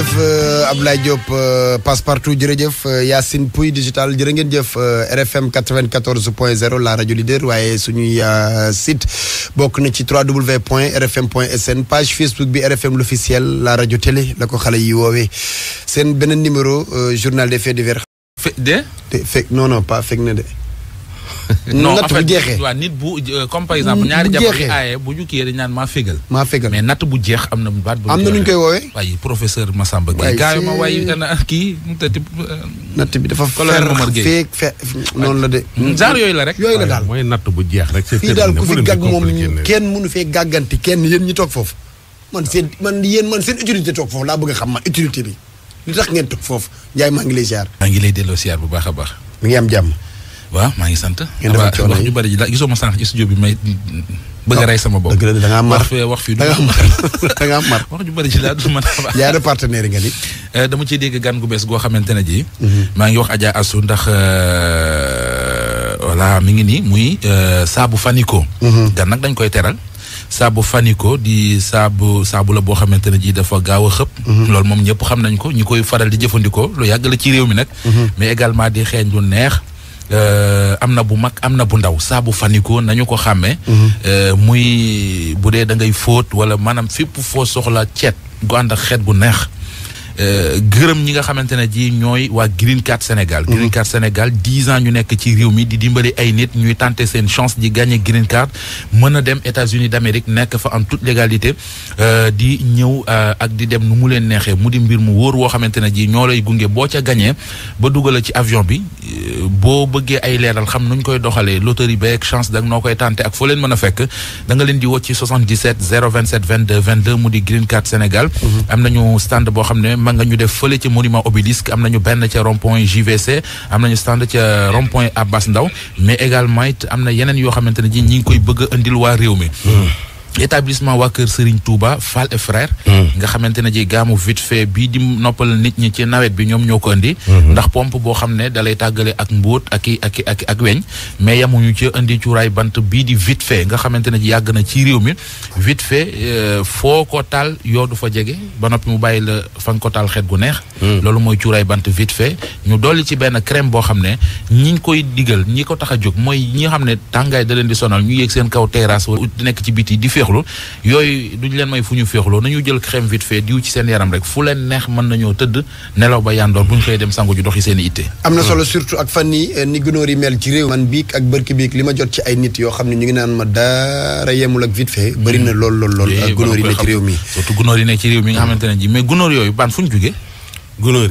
jërëjëf euh, Abdoulaye Diop euh, passe partout jërëjëf euh, Yacine Pouy digital jërë ngeen jëf RFM 94 point 0 la rajo leader waaye su suñuy site bokk na ci www point rfm point sn page Facebook bi RFM l'officiel la rajo télé la ko xale yi woowee seen beneen numéro journal des faits divers. fe de. non non pas fekk na de. non natt bu jeexee nit bu euh, comme par exemple ñaari jabar yi aaye bu ñu kii dañ naan maa fégal maa fégal mais natt bu jeex am na baat bu am na nu ñu koy woowee waaye professeur Massamba ma waaye ana kii tati euh, natt bi dafa fer feeg fe noonu la de mm, genre yooyu la rek yooyu la daal mooy natt bu jeex rek fii daal ku fi gàgg moom kenn mënu fee gàgganti kenn yéen ñi toog foofu man seen man yéen man seen utilité toog foofu laa bëgg a xam man utilité bi li tax ngeen toog foofu Ndiaye maa ngi lay ziar maa ngi lay delloo ziar bu baax a baax mi ngi am jàmm waaw maa ngi sant. ngeen defal coono wax ju bari ji la gisoo ma sànq ci studio bi may. bëgg rey sama bopp dëgg la wax fii da ngaa mar mar wax ju bari ci laa du ma ñaari partenaire yi nga eh, dama ciy dégg gan gu bees goo xamante ne ji mhm. maa ngi wax Adja Assou ndax euh, voilà mi ngi nii muy euh, saabu Fanico mhm. dañ koy teral saabu Fanico di saabu saabu la boo xamante ne ji dafa gaaw a xëpp mhm. loolu moom ñëpp xam nañ ko ñi koy faral di jëfandikoo lu yàgg la ci réew mi nag mais également di xeeñ lu neex Euh, am na bu mag am na bu ndaw saabu fanikoo nañu ko xàmmee. Mhm. Euh, muy bu dee dangay ngay fóot wala maanaam fépp foo soxla ceet gu ànd ak xeet bu neex. Euh, gërëm ñi nga xamante ne ji ñooy waa Green Card Sénégal. Mhm. Green Card Sénégal dix ans ñu nekk ci réew mi di dimbali ay nit ñuy tenter seen chance di gagner Green Card mën a dem États-Unis d'Amérique nekk fa en toute légalité euh, di ñëw euh, ak di dem nu mu leen neexee mu di mbir mu wóor woo xamante ne ji ñoo lay gunge boo ca gagné ba dugal ci avion bi boo bëggee ay leeral xam ñu koy doxalee loterie beeg chance dag noo koy tenter ak foo leen mën a fekk da nga leen di woo ci 77 027 ma nga ñu def fële ca monument obélisque am nañu benn ca rond point JVC am nañu stand ca rond point Abbas Ndao mais également it am na yeneen yoo xamante ne ji ñu ngi koy bëgg a indil waa réew mi hmm. établissement waa kër Serigne Touba Fall et frère. Hmm. nga xamante ne ji gaamu vite fait bii di noppal nit ñi ci nawet bi ñoom ñoo ko indi. Hmm. ndax pomp boo xam ne dalay tàggale ak mbóot ak i ak ak ak weñ. mais yamuñu ci indi cuuraay bant bii di vite fait nga xamante ne ji yàgg na ci réew mi vite fait euh, foo ko taal yoo du fa jege ba noppi mu bàyyi la fa ko taal xet gu neex. Hmm. loolu mooy cuuraay bant vite fait ñu dolli ci benn crème boo xam ne ñiñ koy digal ñi ko tax a jóg mooy ñi xam ne tàngaay da leen di sonal ñu yéeg seen kaw terrasse nekk ci biti féexlu yooyu duñ leen may fu ñu féexloo nañu jël crème vite fait diw ci seen yaram rek fu leen neex mën nañoo tëdd nelaw ba yàndoor bu ñu xëy dem sangu ju doxi seen i am na solo hmm. surtout ak fan eh, ni gunóor yi mel ci réew. man biik ak bërki biik li ma jot ci ay nit yoo xam ne ñu ngi naan ma dara yemul ak vite fait bëri na lool lool lool. Hmm. ak gunóor yi eh, ne ci réew mi surtout gunóor yi ne ci réew mi nga xamante ne ji mais gunóor yooyu baan fu ñu jógee. gunóor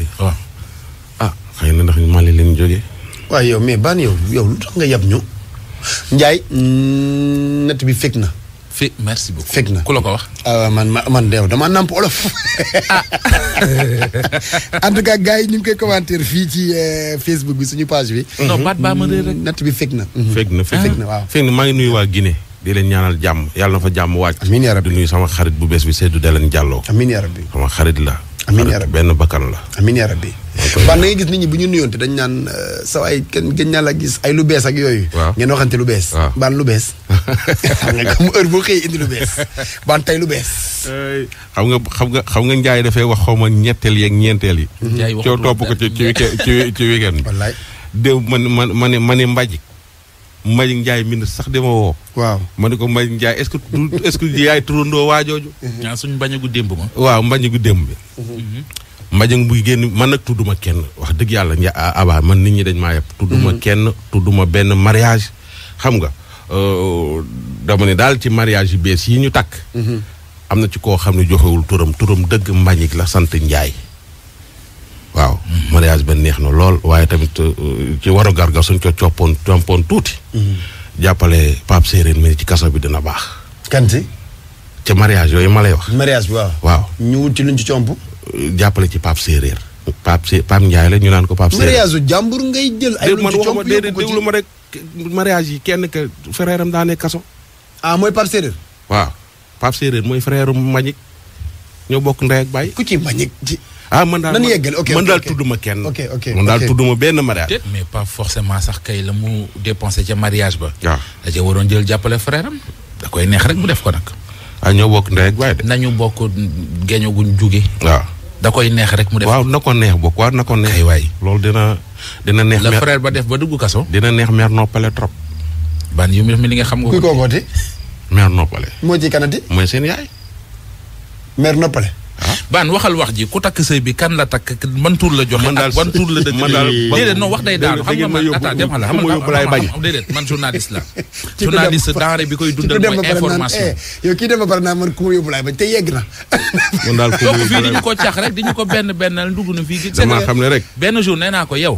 fi merci beaucoup fekk na ku la ko wax. Ah, man man man deew dama namp olof. Ah. en tout cas gars yi ñu ngi koy commentaire fii ci euh, Facebook bi suñu page bi. non baat baa ma réer rek. Mm-hmm. natt bi mm-hmm. fekk na. fekk na fekk na waaw na maa ngi nuyu waa Guinée. di leen ñaanal jàmm yàlla na fa jàmm wàcc. amiin yaa sama xarit bu bees bi Seydou Delen Diallo. amiin yaa rabbi sama xarit la. amiin benn bakkan la. amiin yaa ban da gis nit ñi bu ñu nuyoon nuyoonte dañ naan euh, sa ay kenn gën la gis ay lu bees ak yooyu ngeen waxante lu bees ban lu bees xam nga lu bees ban tey lu bees xam nga xam nga xam nga njaay dafay wax xaw ma ñetteel yeeg ñeenteel yi coo topp ko ci ci ci ci weekend bi déw man man ma ne ma mbind sax dama woo. waaw ma ne ko Mbay Ndiaye est-ce que est-ce que yaay turandoo suñu mbañagu démb ma. waaw mbañagu démb bi. Mhm. Mbajang buy génn man nag tudduma kenn wax dëgg yàlla nja abaa man nit ñi dañ maa yëpp tudduma mm-hmm. kenn tudduma benn mariage xam nga euh, dama ne daal ci mariage yu bees ñu takk mm-hmm. am na ci koo xam ne joxewul turam turam dëgg mbañik la sant njaay waaw mm-hmm. mariage ba neex na lool waaye tamit euh, ci waru ga suñ ko coppoon compoon tuuti jàppale Pape Séeréer mi ci kaso bi dina baax kan si ca yooyu ma lay wax mariage bi waaw waaw jàppale ci Pape Séeréer. Pape Sé Pape Ndiaye la ñu naan ko Pape Séeréer. mariage su jàmbur ngay jël. ay lu ci yi kenn ka frère am daanee kaso. ah mooy Pape Séeréer. mooy frère am Mbagnick ñoo bokk ndey ak baay. ku ci Mbagnick ji. ah man daal man daal tudduma kenn. ok ok man daal tudduma benn mariage. mais pas forcément sax kay la mu dépensé ca mariage ba. waaw da cee waroon jël jàppale frère am. da koy neex rek mu def ko nag. ah ñoo bokk ndey baay de. nañu bokk géeño guñ jóge. waaw. da koy neex rek mu def. waaw na ko neex bokk waaw na ko neex. ay waay loolu dina dina neex. mer le frère ba def ba dugg kaso. dina neex meer noppale trop. ban yu mi li nga xam nga. kuy kookooti. mer noppale. moo ci kanati. mooy seen yaay. mer noppale. baan waxal wax ji ku takk sëy bi kan la takk man tur la joxe ak ban tur la dëgg déedéet non wax day man attends dem xala xam déedéet man journaliste la journaliste denrée koy dundal mooy information eh, yow kii dem ba pare man ku ma yóbbu bañ te yegg na man daal donc fii ko cax benn bennal ndugg na fii dama xam ne rek benn jour nee naa ko yow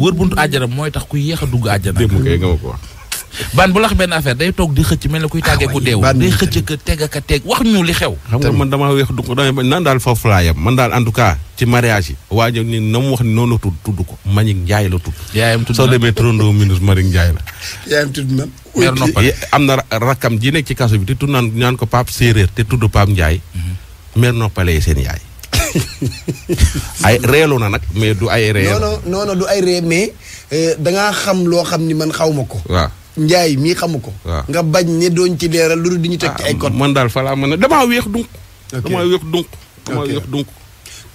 wër buntu àjjana mooy tax ku yéex a dugg àjjana démb kay nga ko wax ban bu lax benn affaire day toog di xëcc mel na kuy tàggee ah, ku deew day xëcc ka teg ak teg wax ñu li xew xam nga man damaa weex du ko damay nan daal foofu laa yem man daal en na mu wax ni noonu tudd tudd ko Manick Ndiaye la tudd yaayam tudd soo demee trondoo minus Manick Ndiaye la yaayam tudd na am na rakkam ji ci kaso bi te tudd naan ñaan ko Pape Séeréer te tudd Pape Ndiaye mère mhm. noppalee seen yaay ay reelu na nag mais du ay ree non non ay ree mais euh, dangaa xam loo xam ni man xaw ma ko waaw njaay mii xamu ko. nga bañ ne dooñ ci leeral lu dul di ñu teg ci ay code. Ah, man daal fa laa mën a damaa weex dunk. ok damaa weex dunk. damaa weex dunk.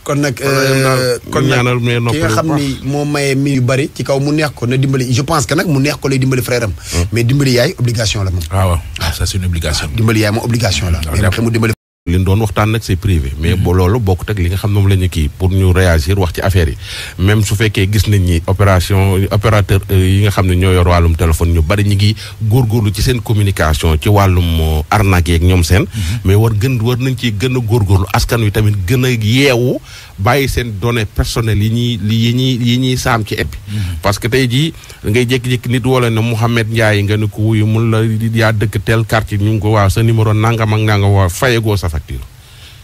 kon nag kon euh, ñaanal mais noppalu ki nga xam ni moo maye mi yu bari ci kaw mu neex ko na dimbali je pense que nag mu neex ko lay dimbali frère hmm. mais dimbali yaay obligation la moom. Ah, waaw waaw ah, ça c'est une obligation. dimbali yaay moom obligation la. mais mu dimbali li ñu doon waxtaan nag c'est privé mais mhm. ba loolu bokkut ak li nga xam ne moom la ñu kii pour ñu réagir wax ci affaire yi même su fekkee gis nañ ni opération opérateur euh, yi nga xam ne ñoo yor wàllum téléphone ñu bari ñu ngi góorgóorlu ci seen communication ci wàllum euh, arnaque yeeg ñoom seen mhm. mais war gën war nañ ci gën a góorgóorlu askan wi tamit gën a yeewu bàyyi seen données personnelles yi ñuy yi ñuy yi ñuy saam ci eppi mhm. parce que tey jii ngay jékki-jékki nit wala ne Mouhamed yi nga ne ko wuyu mun la yaa dëkk tel quartier ñu ngi ko waaw sa numéro nangam ak nga waaw fayegoo sa facture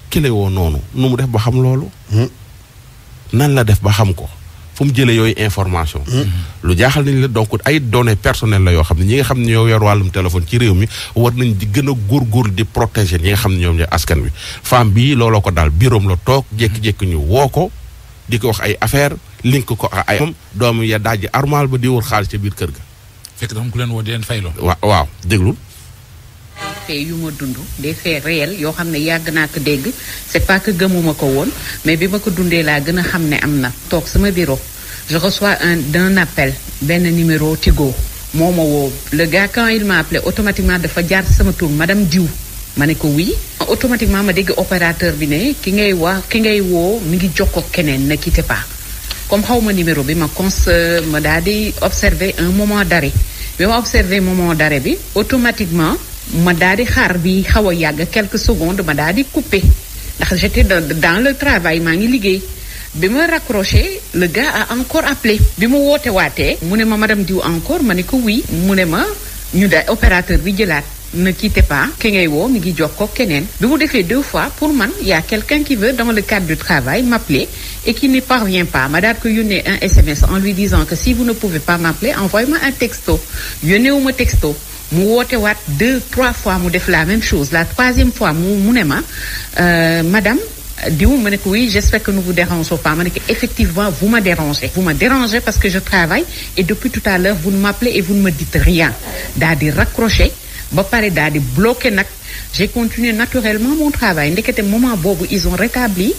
ki la woo noonu nu mu def ba xam loolu hmm. nan la def ba xam ko fu mu jëlee yooyu information. lu jaaxal nañ la donc ay données personnelles la yoo xam ne ñi nga xam ne ñoo yor wàllum téléphone ci réew mi war nañ di gën a góorgóorlu di protéger ñi nga xam ne ñoom ñooy askan wi. femme bi looloo ko daal biiroom la toog jékki-jékki ñu woo ko di ko wax ay affaire link ko ay am doomu ya daaj armal ba di wër xaalis ca biir kër ga. fekk na ku leen woo di leen waaw déglul. yu ma dund des faits réels yoo xam ne yàgg naa ko dégg c'est pas que gëmuma ko woon mais bi ma ko dundee laa gën a xam ne am na toog sama bureau je reçois un d'un appel benn numéro Tigo moo ma woo le gars quand il automatiquement dafa jaar sama tur madame Diou ma ne ko oui automatiquement ma dégg opérateur bi ne ki ngay wax ki ngay woo mi ngi jox ko keneen ne quittez pas comme xaw ma numéro bi ma cons ma daal di observer un moment d'arrêt bi ma ma daal di xaar bi xaw a yàgg quelque secondes ma daal di coupé ndax j'étais dans le travail maa ngi liggéey bi ma raccroché le gars a encore appelé bi mu woote waatee mu ne ma madame diw encore ma ne ko oui mu ne ma ñu daal opérateur bi jëlaat ne quittez pas ki ngay woo mi ngi ko keneen bi mu defee deux fois pour man yaa a quelqu'un qui veut dans le cadre du travail m'appeler et qui n'y parvient pas ma daal ko yónnee un SMS en lui disant que si vous ne pouvez pas m'appeler envoyez-moi un texto yónneewuma texto mu woote waat deux trois fois mu def la même chose la troisième fois mu mu ne ma euh, madame diw ma ne ko oui j'espère que nous vous dérangeons pas ma ne ko effectivement vous me dérangez vous me dérangez parce que je travaille et depuis tout à l'heure vous ne m'appelez et vous ne me dites rien daal di raccroché ba pare daal di bloqué nag j'ai continué naturellement mon travail ndekete moment boobu ils ont rétabli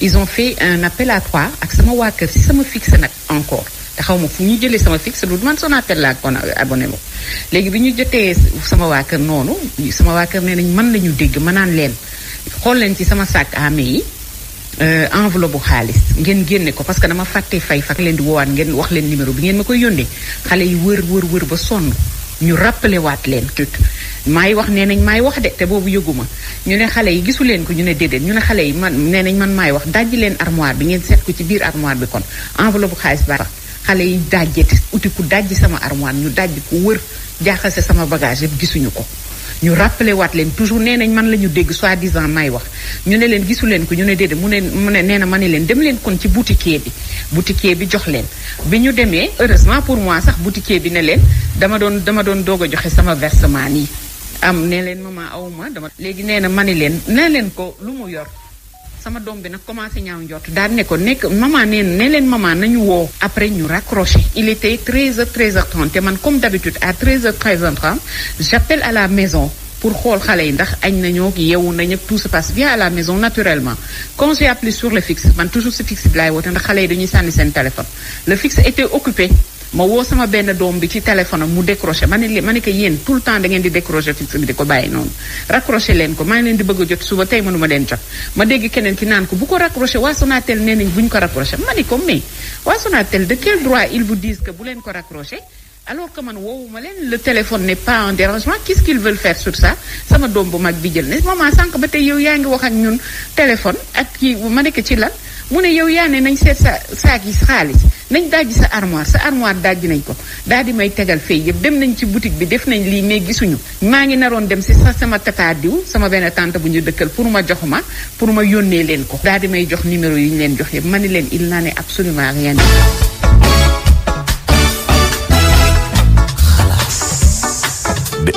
ils ont fait un appel à trois ak sama waa kër sama fixe nag encore xaw ma fu ñu jëlee sama fixe lu man Sonatel laa kon abonné ma léegi bi ñu jotee sama waa kër noonu sama waa kër nee nañ man la ñu dégg ma naan leen xool leen ci sama sac à main yi euh, enveloppe bu xaalis ngeen génne ko parce que dama fàtte fay fak leen di woowaat ngeen wax leen numéro bi ngeen ma koy yónnee xale yi wër wër wër ba sonn ñu rappelé waat leen tut maay wax nee nañ maay wax de te boobu yëguma ñu ne xale yi gisu leen ko ñu ne déedéet ñu ne xale yi man nee nañ man maay wax dajji leen armoire bi ngeen seet ko ci biir armoire bi kon enveloppe bu xaalis ba xale yi dajjati uti ku dajji sama armoine ñu dajj ku wër jaaxase sama bagage yëpp gisuñu ko ñu rappelé waat leen toujours nee nañ man la ñu dégg soi-disant may wax ñu ne leen gisu leen ko ñu ne déedéet mu ne mu ne nee na ma ne leen dem leen kon ci boutiquier bi boutiquier bi jox leen bi ñu demee heureusement pour moi sax boutiquier bi ne leen dama doon dama doon doog a joxe sama versement yi am ne leen maman awma dama léegi nee na ma ne leen ne leen ko lu mu yor sama doom bi nag commencé ñaaw njott daal ne ko nekk maman nee ne leen maman nañu woo après ñu raccroché il était 13h 13h30 te man comme d'habitude à 13h h à la maison pour xool xale yi ndax añ nañoo yeewu nañ ak tout se passe bien à la maison naturellement quand sur le fixe man toujours si fixe bi laay woote ndax xale yi dañuy sànni seen téléphone le fixe était occupé ma woo sama benn doom bi ci téléphone am mu décroché ma ne leen ma ne ko yéen tout le temps da ngeen di décroché fixe bi di ko bàyyi noonu raccroché leen ko a jot suba tey mënuma leen jot ma keneen ki naan ko bu ko raccroché waa Sonatel nee nañ bu ñu ko raccroché ma ne ko mais waa Sonatel de quel droit ils vous disent bu leen ko raccroché alors que man woowuma leen le téléphone n'est pas en dérangement qu'est-ce qu'ils sur ça sama doom bu mag bi jël ne maman sànq ba te yow yaa ngi wax ak ñun téléphone ak kii ma nekk ci lan mu ne yow yaa ne nañ seet sa saak yi xaalis nañ dajji sa armoire sa armoire dajji nañ ko daal di may tegal fay yëpp dem nañ ci boutique bi def nañ lii ne gisuñu maa ngi naroon dem si sa sama tata diw sama benn tante bu ñu dëkkal pour ma jox ma pour ma yónnee leen ko daal di may jox numéro yi ñu leen jox yëpp ma ni leen il n'en est absolument rien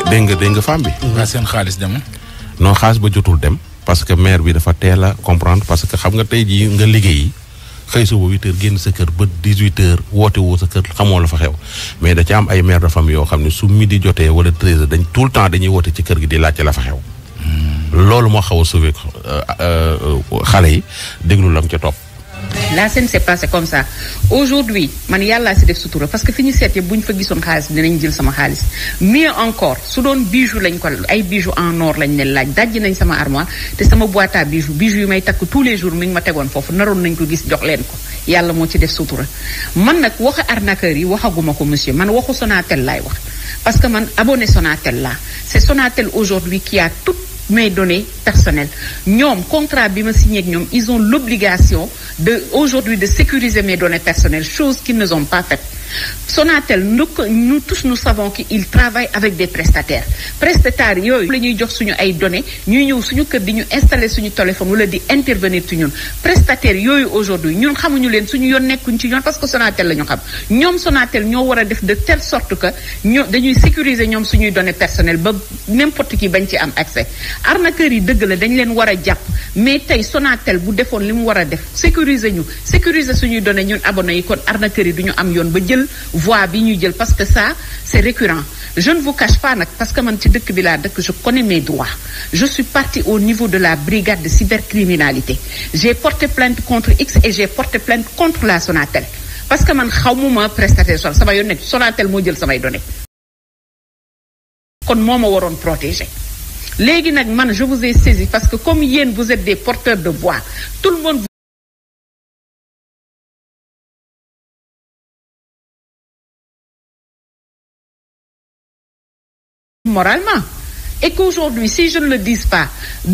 dégg nga dégg nga femme bi. waa seen xaalis demul. noo xaalis ba jotul dem. parce que maire bi dafa teel a comprendre parce que xam nga tey jii nga liggéey. xëy suba huit génn sa kër ba dix huit heures woote woo sa kër xamoo la fa xew mais da ci am ay mère de famille yoo xam ne su midi jotee wala treize heures dañ tout le temps dañuy woote ci kër gi di laajte la fa xew hmm. loolu moo xaw a sauvé euh, euh, xale yi déglu lam ci topp la scène s'est passée comme ça aujourd'hui man yàllaa si def sutura parce que fi ñu seet yëpp bu ñu fa gisoon xaalis bi dinañ jël sama xaalis mieux encore su doon bijou lañ ko ay bijou en or lañ leen laaj dajji nañ sama armoire te sama boîte à bijou bijou yu may takk tous les jours mi ngi ma tegoon foofu naroon nañ ko gis jox leen ko yàlla moo ci def sutura man nag waxu arnaqueur yi waxaguma ko monsieur man waxu Sonatel laay wax parce que man abonné Sonatel laa c'est Sonatel aujourd'hui qui a mes données personnelles ñoom contrat bi ma signé ñoom ils ont l'obligation de aujourd'hui de sécuriser mes données personnelles chose qu'ils ne ont pas faite Sonatel nous nous tous nous savons qu'il travaille avec des prestataires prestataires yooyu la ñuy jox suñu ay données ñuy ñëw suñu kër di ñu installé suñu téléphone wala di intervenir ci ñun prestataires yooyu aujourd'hui ñun xamuñu leen suñu yoon nekkuñ ci yoon parce que Sonatel la ñu xam ñoom Sonatel ñoo war a def de telle sorte que ñoo dañuy sécuriser ñoom suñuy données personnelles ba n'importe qui bañ ci am accès arnaqueurs yi dëgg la dañu leen war a jàpp mais tey Sonatel bu defoon li mu war a def sécuriser ñu sécuriser suñuy données ñun abonné yi kon am yoon jël voie bi ñu jël parce que ça c'est récurrent je ne vous cache pas nag parce que man ci dëkk bi laa dëkk je connais mes droits je suis partie au niveau de la brigade de cybercriminalité j'ai porté plainte contre X et j'ai porté plainte contre la Sonatel parce que man xamuma prestataire sol sama yoon nekk Sonatel moo jël samay données kon moo ma waroon protéger léegi nag man je vous ai saisi parce que comme yéen vous êtes des porteurs de moralement et qu'aujourd'hui si je ne le dis pas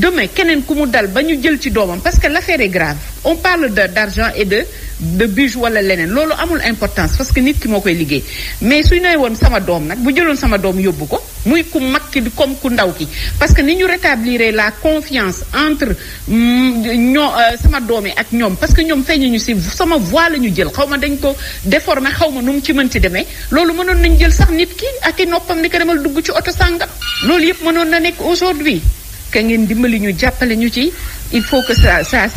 demain keneen ku mu dal ba ñu jël ci doomam parce que l'affaire est grave on parle de d'argent et de de buge wala leneen loolu amul importance parce que nit ki moo koy liggéey mais suy nee woon sama doom nag bu jëloon sama doom yóbbu ko muy ku mag ki di comme ku ndaw ki parce que ni ñu rétablir la confiance entre mm, ñoo euh, sama doom yi ak ñoom parce que ñoom feeñu ñu si sama voix la ñu jël xaw ma dañ ko déformé xaw ma nu mu ci mënti demee loolu mënoon nañ jël sax nit ki ak i noppam ni ko demal dugg ci oto sàngam loolu yëpp mënoon na nekk aujourd'hui ka ngeen dimbali ñu jàppale ñu ci il faut que ça ça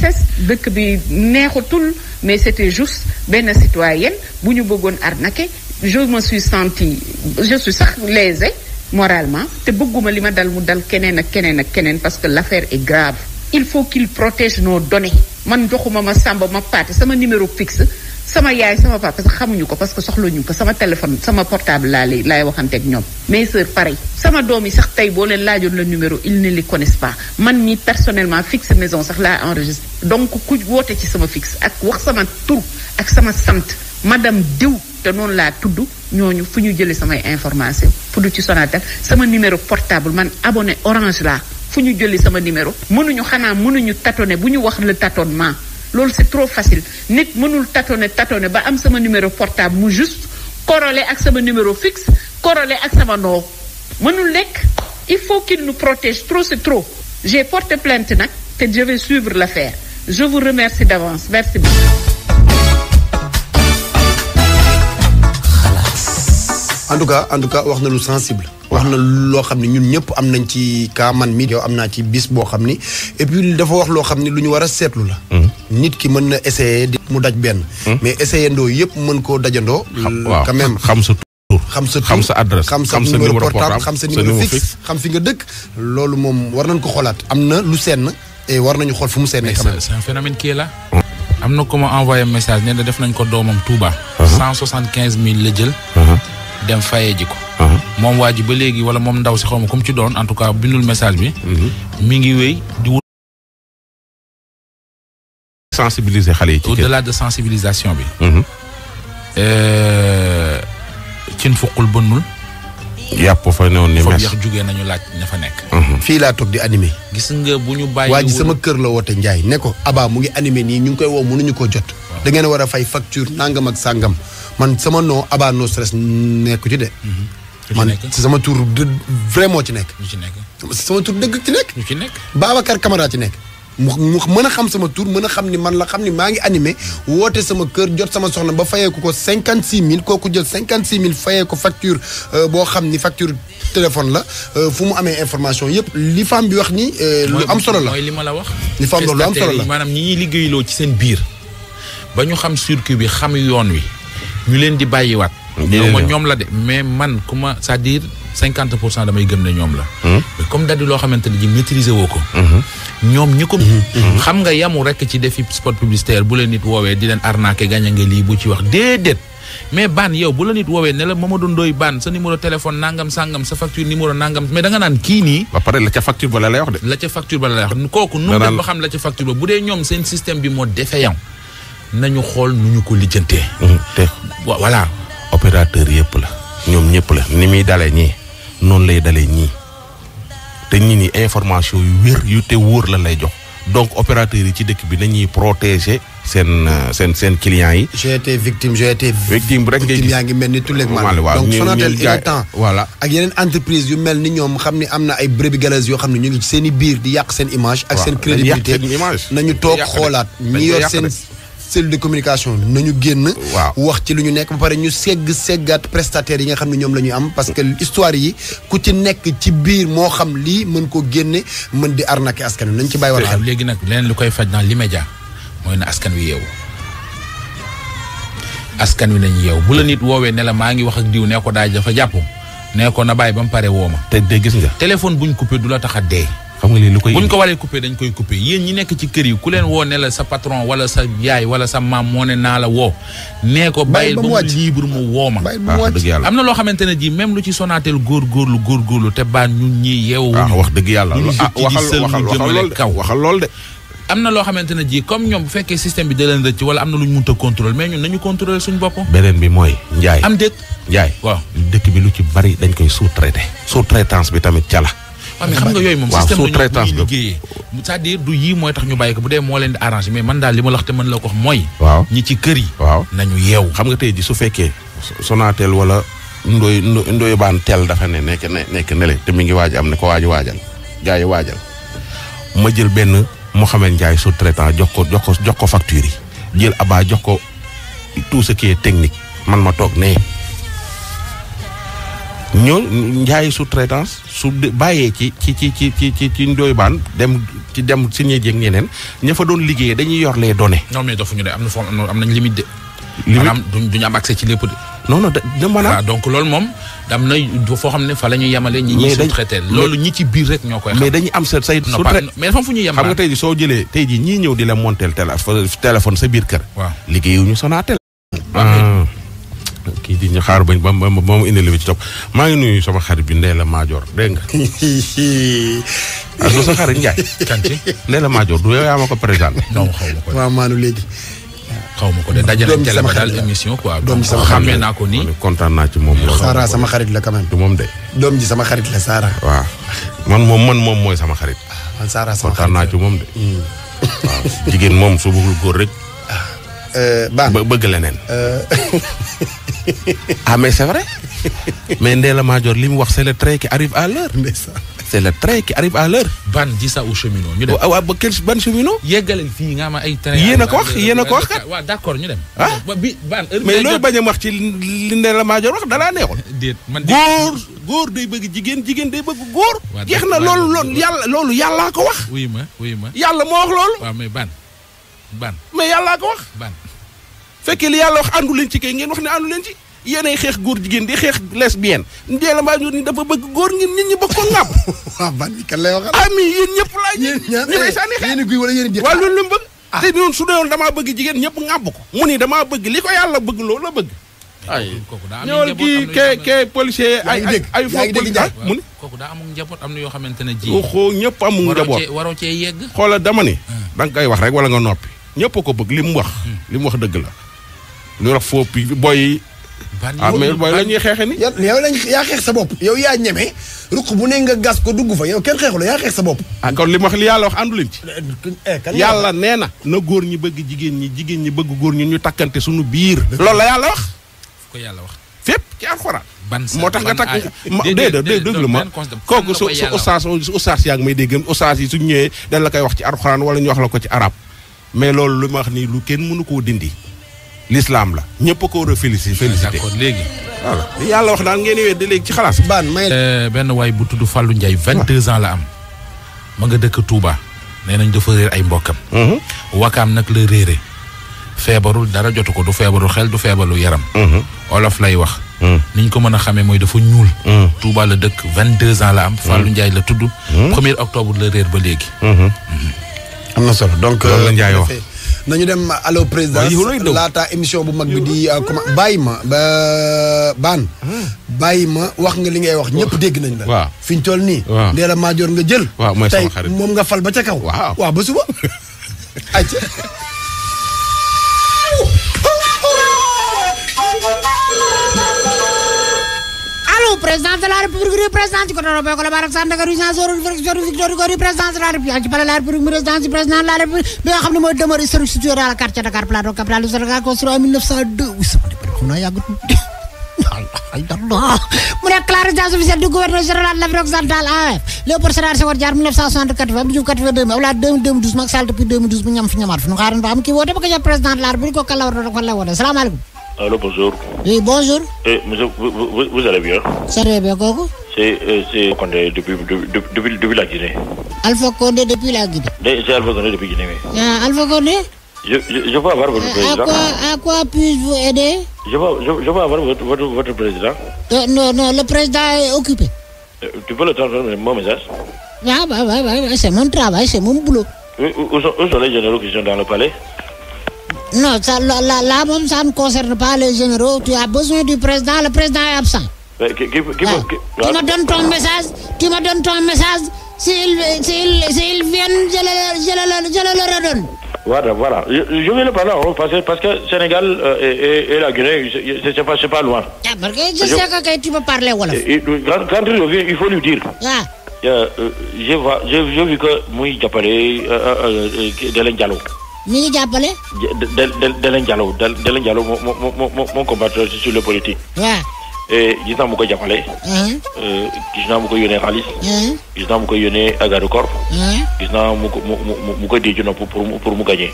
dëkk bi neexatul mais c'était juste benn citoyenne bu ñu bëggoon arnaquer je me suis senti je suis sax lésée moralement te bëgguma li ma dal mu dal keneen ak keneen ak keneen parce que l'affaire est grave il faut qu'il protège nos données man joxuma ma sàmba ma paate sama numéro fixe sama yaay sama papa sax xamuñu ko parce que soxlañu ko sama téléphone sama portable laa lay laay ñoom mais sœurs pareil sama doom yi sax tey boo leen laajoon le numéro ils ne les connaissent pas man mi personnellement fixe maison sax laa enregistre donc ku woote ci sama fixe ak wax sama tur ak sama sant madame diw te noonu laa tudd ñooñu fu ñu jëlee samay information pudd ci Sonatel sama numéro portable man abonné orange laa fu ñu jëlee sama numéro mënuñu xanaa mënuñu tâtonner bu ñu wax le tâtonnement loolu c'est trop facile nit mënul tâtonner tâtonner ba am sama numéro portable mu juste corrélé ak sama numéro fixe corrélé ak sama noo mënul nekk il faut qu'il nous protège trop c'est trop j'ai porté plainte nag te je vais suivre l'affaire je vous remercie d'avance merci beaucoup. en tout cas en tout cas wax na lu sensible wax na loo xam ne ñun ñëpp am nañ ci kaa man mi yow am naa ci bis boo xam ni et dafa wax loo xam ni lu ñu war a seetlu la hmm. nit ki mën na essayer di mu daj benn hmm. mais essayer ndoo yëpp mën koo dajandoo quand même xam sa tur xam sa tur xam sa adresse xam sa numéro portable xam sa numéro xam fi nga dëkk loolu moom war nañ ko xoolaat am na lu senn war nañu xool fu mu seen quand même c'est un phénomène qui est am na ko ma envoyé message ne def nañ ko doomam tuuba uh-huh. cent soixante quinze mille la jël uh-huh. dem fayee ji ko. Uh-huh. moom waa ji ba léegi wala moom ndaw si xaw ma comme ci doon en tout cas bindul message bi. Uh-huh. mi ngi wéy di sensibiliser xale yi ci au-delà de sensibilisation bi. Uh-huh. Euh, cin fukkul bënnul. yàpp fa newoon ni mes foofu jugee nañu laaj na fa nekk. Mhm. fii laa toog di animé. gis nga bu ñu bàyyi waa ji sama kër la woote Ndiaye ne ko Aba mu ngi anime nii ñu ngi koy woo mënuñu ko jot. dangeen ngeen war a fay facture nangam ak sàngam man sama noo Aba no stress nekku ci de. Mhm. man ci sama tur vraiment ci nekk. ci nekk sama tur dëgg ci nekk. ñu ci nekk Babacar Camara ci nekk. mu mën a xam sama tur mën a xam ni man la xam ni maa ngi animé woote sama kër jot sama soxna ba fayee ko ko cinquante mille kooku jël cinquante six mille fayee ko facture euh, boo xam ni facture téléphone la euh, fu mu amee information yëpp li femme bi wax ni euh, lu am solo la li ma la wax li femme lu am solo la maanaam ñi ñuy liggéeyloo ci seen biir ba ñu xam circuit bi xam yoon wi ñu leen di bàyyiwaat déedéet ma ñoom la de mais man ku ma c'est-à-dire cinquante damay gëm ne ñoom la. Hmm. mais comme da loo xamante ne ji maîtriser woo ko. Hmm. ñoom ñi ko. Hmm. xam nga yamu rek ci defi spot publicitaire bu leen nit woowee di leen arnaqué gañ nga lii bu ci wax déedéet. mais baan yow bu la nit woowee ne la Mamadou Ndoye baan sa numéro téléphone nangam sangam sa facture numéro nangam mais da nga naan kii nii. ba pare la ca facture ba la lay wax de. la ca facture ba la lay wax kooku. nu mu ba xam la ca facture xool nu ñu ko lijjantee. te opérateur yëpp la ñoom ñëpp la ni muy dalee ñii noonu lay dalee ñii te ñi ni information yu wér yu te wóor la lay jox donc opérateur yi ci dëkk bi nañuy protéger seen euh, seen seen clients yi. j'ai été victime j'ai été. victime rek ngi mel ni tout le monde. waaw donc Sonatel il est temps. ak yeneen entreprise yu mel ni ñoom xam ni am na ay brebis galeuses yoo xam ne ñu ngi seen biir di yàq seen image. ak seen crédibilité nañu toog xoolaat. ñi yor seen cellule de communication nañu génn. waaw wax ci lu ñu nekk ba pare ñu segg seggaat prestataires yi nga xam ne ñoom la am. parce que histoire yi ku ci nekk ci biir moo xam lii mën ko génne mën di arnaqué askan wi nañ ci bàyyi wala léegi nag leneen lu koy faj naan l'immédiat mooy na askan wi yeewu. askan wi nañu yeewu bu la nit woowee ne la maa ngi wax ak diw nee ko daaj dafa jàpp nee ko na bàyyi ba mu pare woo ma. te de gis nga. téléphone buñ coupé du la tax a dee. xam nga lii lu koy buñ ko waree coupé dañ koy coupé yéen ñi nekk ci kër yi ku leen woo ne la sa patron wala sa yaay wala sa maam moo ne naa la woo nee ko bàyyil ba mu libre mu woo ma ah, am na loo xamante ne ji même lu ci sonatel góorgóorlu góorgóorlu te baan ñun ñi yeewu ah, wax dëgg yàlla ah, waxal waxal kaw waxal lool de am na loo xamante ne ji comme ñoom bu fekkee système bi da leen rëcc wala am na lu ñu mënut a contrôler mais ñun nañu contrôler suñu bopp beneen bi mooy njaay am déet njaay waaw dëkk bi lu ci bari dañ koy sous-traité sous-traitance bi tamit ca waaw mais xam nga yooyu moom système la ñu liggéeyee c'est-à-dire du yii mooy tax ñu bàyyi ko bu dee moo leen di arrangé mais man daal li ma la te mën la ko mooy waaw ñi ci kër yi waaw nañu yeewu xam nga tey ji su fekkee Sonatel wala ndoy ndoy baan teel dafa ne nekk ne nekk ne le te mi ngi waaj am ne ko waaju waajal gars yi waajal ma jël benn Mouhamed Ndiaye sous-traitant jox ko jox ko jox ko facture yi jël abaa jox ko tout ce qui technique man ma toog ne ñoo njaayi sous-traitance su bàyyee ci ci ci ci ci ci ci Ndoye Bane dem ci dem si ñeeg ñeneen ña doon liggéeyee dañuy yor les données. non mais dafa ñu de am na foo am nañ limite de. limite duñ am accès lépp de. non non da maanaam loolu moom dam na foo xam ne fa la ñuy yemale. ñi ñuy sous-traité loolu ñi ci biir rek ñoo koy. xam mais dañuy am say. mais dafa fu ñu yemale. xam nga tey jii soo jëlee tey jii ñii ñëw di la monter téléphone sa biir kër. waaw liggéeyuñu Sonatel. kii ñu xaar bañ ba ma ba ma indil bi ci topp maa ngi nuyu sama xarit bi Ndella Madior dégg nga. ah du sa xarit Ndiaye. kan ci Ndella Madior ko présenté. non xaw ma ko waaw léegi. xaw ma ko de daje nañ télé ba daal émission quoi. doom ji sama xarit la xamee kontaan naa moom sama xarit la quand moom de. doom ji sama xarit la Saara. waaw man moom man moom mooy sama xarit. Ah, man Saara kontaan naa ci moom de. Hmm. jigéen moom su bëggul góor rek. Euh, ba bëgg leneen. Euh. ah mais c'est vrai mais Ndella Madior li mu wax c'est le train qui arrive à l'heure c'est le train qui arrive à l'heure ban dis ça au cheminot ñu dem waaw ba quel ban nga xam ay train. yéen ko wax euh, yéen ko wax kat waaw d'accord ñu dem. Ah. bi ban mais loolu bañ a wax ci li Ndella Madior wax dalaa neexul. déet man déet góor góor day bëgg jigéen jigéen day bëgg góor. jeex na lool loolu yàlla loolu yàllaa ko wax. wuy ma wuy ma. yàlla moo wax loolu. ban mais yàllaa ko wax. ban fekkee li yàlla wax àndu leen ci kay ngeen wax ne àndu leen ci yéenay xeex góor jigéen di xeex lesbienne ndee la mbaa ñu ni dafa bëgg góor ngeen nit ñi bokkoon nàpp. waaw ban bi kan ñëpp laa ñuy. ñu wala yéen waa loolu la mu bëgg. ah te noonu su doon damaa bëgg jigéen ñëpp ŋàbb ko. mu ni damaa bëgg li ko yàlla bëgg loolu la bëgg. ay ñëwal kii kee kee policier ay ay ay foofu policier mu ni kooku daa amul njaboot am na yoo xamante ne ji. waxoo ñëpp amul njaboot waroo cee yegg. xoolal dama ni. Ah. da nga koy wax rek wala nga noppi. ñëpp ko bëgg li mu wax. li mu wax dëgg la. lu rax foofu booy. ah mais ñuy xeexe ni. yaw lañ xeex sa bopp. yow yaa ñeme ruq bu ne nga gas ko dugg fa yow kenn xeexu la yaa xeex sa bopp. ah kon li wax li yàlla wax àndu leen ci. Eh, eh, yàlla nee na. na góor ñi bëgg jigéen ñi jigéen ñi bëgg góor ñi ñu takkante suñu biir. loolu la yàlla wax. ko yàlla wax. fépp ci alxuraan. ban moo tax nga takk déedéet déglu ma kooku su su oustaz yaa ngi may dégg oustaz yi suñu ñëwee dañ la koy wax ci alxuraan wala ñu wax la ko ci arab mais loolu lu ma wax nii lu kenn mënu koo dindi lislaam la ñëpp ko war a félicité félicité d'accord léegi yàlla wax daal ngeen di weddi léegi ci xalaas baan may euh, benn waay bu tudd Fallou njaay vingt deux ah. ans la am ma nga dëkk tuubaa nee nañ dafa réer ay mbokkam mhm. wakaam nag la réere feebarul dara jotu ko du feebarul xel du feebaru yaram mhm. olof lay wax mhm. ni ko mën a xamee mooy dafa ñuul Touba la dëkk vingt deux la am Fallou Ndiaye la tudd premier octobre la réer ba léegi am na solo donc loolu la euh, Ndiaye wax nañu dem allo présidence laata émission bu mag bi di euh, comment bàyyi ma ba baan hmm. bàyyi ma wax nga li ngay wax ñëpp dégg nañ la waaw fi ñu toll nii Ndella Madior nga jël waaw mooy sama xarit tey moom nga fal ba ca kaw waaw ba suba acca allo président de la république du président ci côté Robo Kolo Barak Sane Dakar urgence zone victoire du président de la république ci palais de la république mu résidence du président de la république bi nga xam ne mooy demeure historique situé dans le quartier Dakar plateau capitale du Sénégal construit en 1902 xam naa yàgg mu nekk clarification officielle du gouverneur général de l'Afrique occidentale AOF Léopold Sédar Senghor Diatta 1960 80 Abdou Diouf 82 Abdoulaye 2012 Macky Sall depuis 2012 mu ñam fi ñamaat fi nu xaaran ba am kii woote ba ko jot président de la république ko kala war ko la woote salaamaaleykum Allô, bonjour. Oui, bonjour. Eh, monsieur, vous, vous, vous, allez bien Ça va bien, Gogo C'est euh, depuis, depuis, la Guinée. Alpha Condé depuis la Guinée eh, C'est Alpha depuis Guinée, oui. Ah, je, je, je, euh, président. À quoi, puis vous aider je veux, votre, président. Euh, non, le président est euh, tu peux le transmettre message Ah, bah, bah, bah c'est travail, c'est mon boulot. sont, les généraux qui dans le palais non ça là la là moom concerne pas les généraux tu as besoin du président le président est absent. mais ki ah. message tu message s'il s'il s'il vient je le voilà je je le parler parce que parce que Sénégal euh, et la Guinée c'est pas pas loin. Ah, je sais que tu parler wolof. quand quand il il faut lui dire. waaw. Ah. Euh, euh, je vois je je vu que muy jàppale ñi ngi jàppale. da da Delen Diallo da Delen Diallo moo moo moo moo combattre sur le politique. waaw. Eh, gis naa mu ko jàppale. Eh, gis naa mu ko yónnee xaalis. gis naa mu ko yónnee agaru kor. gis naa mu ko mu mu mu ko déju na pour pour mu gagné.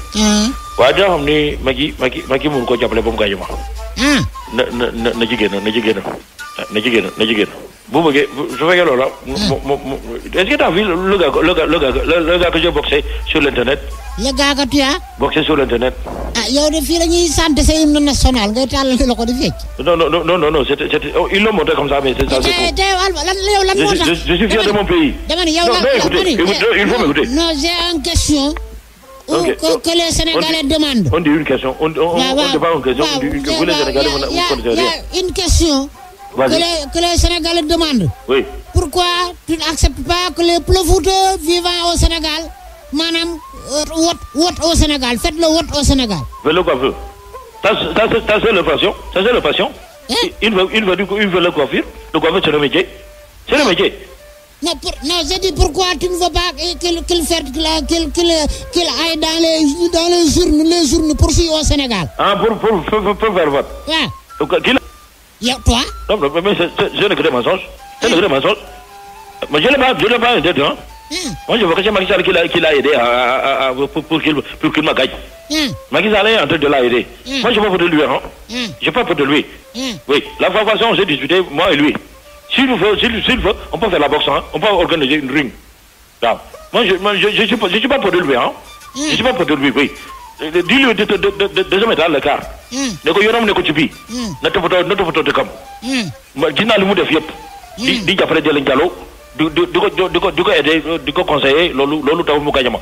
waaye dinaa xam ne Macky Macky Macky mënu ko jàppale ba mu gagné ma. Ah. na na na jigéen na jigéen na jigéen ah, na jigéen. bu bëggee su fekkee loola. mu mu est-ce que t'as vu le gars le gars le gars le gars que j'ai boxé sur l'internet. le gars que tu as. boxé sur l'internet. ah yow de fii la ñuy sant sa hymne national ngay tàllal la ko di fecc. non non non non non c'était c'était oh, il l'a monté comme ça mais c'est ça eh, c'est tout. Eh, eh, lan yow lan moo tax je suis fier de mon pays. dama ni yow lan non écoutez écoutez il faut m'écouter. non j'ai une question. ok que que les Sénégalais demandent. on dit une question on on on ne dit pas une question on dit une question. vous les Sénégalais vous ne connaissez rien. une question. Que les, que les, Sénégalais demandent. Oui. Pourquoi tu n'acceptes pas que les plefouteux vivant au Sénégal, madame, euh, votent vote au Sénégal, faites le vote au Sénégal. Faites-le passion. Hein? Eh? Il, veut, il, veut, il veut le coiffure. Le coiffeur, c'est le métier. C'est le eh? métier. Non, pour, non, pourquoi tu ne veux pas qu'il qu qu dans les, dans les journaux, les pour suivre au Sénégal. Ah, pour, pour, pour, pour faire vote. Ouais. Donc, yow toi. non mais mais c'est un décret mensonge. C'est un décret mensonge. Mais je l'ai pas je l'ai pas aidé hein. Hmm. Moi je vois que c'est Macky Sall qui l'a qui l'a aidé à, à, à, pour pour qu'il pour qu'il m'agaille. Hmm. Macky Sall est en hmm. je pas peur de lui hein. J'ai pas peur de lui. Oui, la fois passée on s'est disputé moi et lui. S'il veut s'il s'il veut on peut faire la boxe On peut organiser une ring. Là. Moi je moi, je je suis pas je de lui hein. Je suis pas peur de lui oui. dis-lui de, de, de, da se mettre à l'écart. ko yoonam ne ko ci bii. Hmm. na toppatoo na toppatoo dëkkam. Hmm. ma gis li mu def yëpp. di hmm. di jàppale Jalle Diallo di di di ko di ko di ko di ko conseiller loolu loolu taxul mu gaañ ma.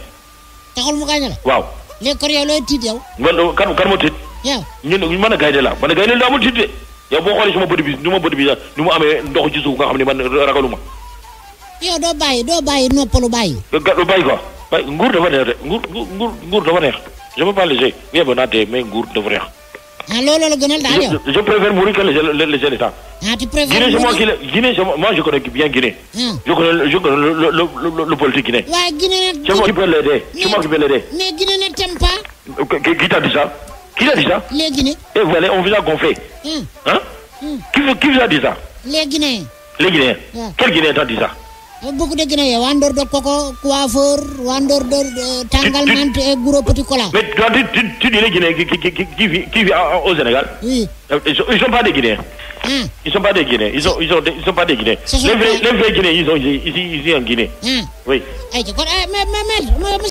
taxul mu gaañ waaw. léegi kon yow looy tiit yow. man kan kan ma tiit. man a gaynde la man a gaynde la amul boo xoolee suma bët bi bët bi ni mu amee ndox ci nga xam ne man ragaluma. yow doo bàyyi doo bàyyi noppalu bàyyi. ga bàyyi quoi nguur dafa neex de nguur nguur nguur dafa neex. je peux pas léger bien ba naa tey mais nguur dafa neex. ah loolu la gënal daal yow. je préfère mourir que léger léger l'état. ah tu préfères Guinée c'est moi qui Guinée c'est moi je connais bien Guinée. je connais je connais le le le politique Guinée. waaw Guinée. c'est moi qui peux l'aider c'est moi qui peux l'aider. mais Guinée ne t'aime pas. qui t'a dit ça qui t'a dit ça. les Guinéens. et eh, voilà on vous a gonflé. ah. qui qui vous a dit ça. les Guinéens. les Guinéens. quel Guinéen t'a dit ça. beaucoup de Guinéens wandoor de coco coiffeur wandoor de euh, tàngal mante et euh, gros petit cola. mais tu tu dis les Guinéens qui qui au Sénégal. oui euh, ils sont pas des Guinéens. Hum. Ils pas des Guinéens, ils sont ils sont des, ils sont pas des Guinéens. Les vrais les Ay, kon, mais mais